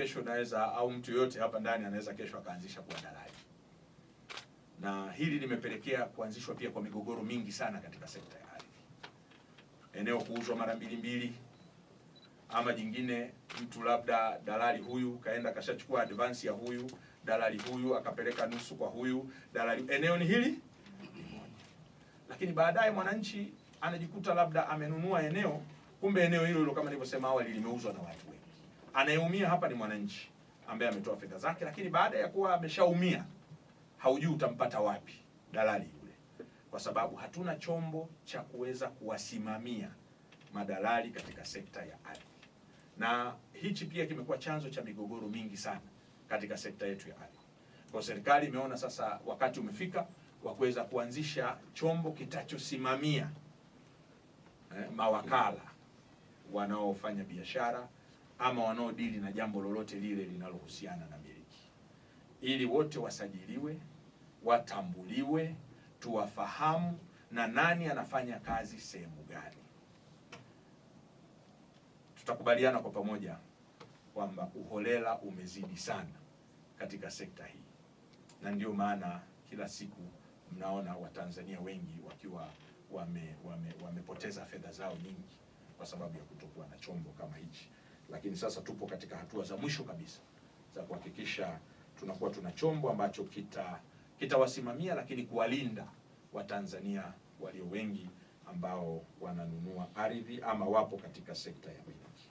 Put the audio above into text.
Kesho naweza au mtu yoyote hapa ndani anaweza kesho akaanzisha kuwa Live, na hili limepelekea kuanzishwa pia kwa migogoro mingi sana katika sekta ya ardhi, eneo kuuzwa mara mbili mbili, ama jingine, mtu labda dalali huyu kaenda kashachukua advance ya huyu dalali, huyu akapeleka nusu kwa huyu dalali, eneo ni hili, lakini baadaye mwananchi anajikuta labda amenunua eneo, kumbe eneo hilo hilo kama nilivyosema awali limeuzwa na watu Anayeumia hapa ni mwananchi ambaye ametoa fedha zake, lakini baada ya kuwa ameshaumia haujui utampata wapi dalali yule, kwa sababu hatuna chombo cha kuweza kuwasimamia madalali katika sekta ya ardhi, na hichi pia kimekuwa chanzo cha migogoro mingi sana katika sekta yetu ya ardhi. Kwa serikali imeona sasa wakati umefika wa kuweza kuanzisha chombo kitachosimamia eh, mawakala wanaofanya biashara ama wanaodili na jambo lolote lile linalohusiana na miliki, ili wote wasajiliwe, watambuliwe, tuwafahamu na nani anafanya kazi sehemu gani. Tutakubaliana kwa pamoja kwamba uholela umezidi sana katika sekta hii, na ndio maana kila siku mnaona Watanzania wengi wakiwa wame, wame, wamepoteza fedha zao nyingi kwa sababu ya kutokuwa na chombo kama hichi lakini sasa tupo katika hatua za mwisho kabisa za kuhakikisha tunakuwa tuna chombo ambacho kita kitawasimamia lakini kuwalinda Watanzania walio wengi ambao wananunua ardhi ama wapo katika sekta ya miliki.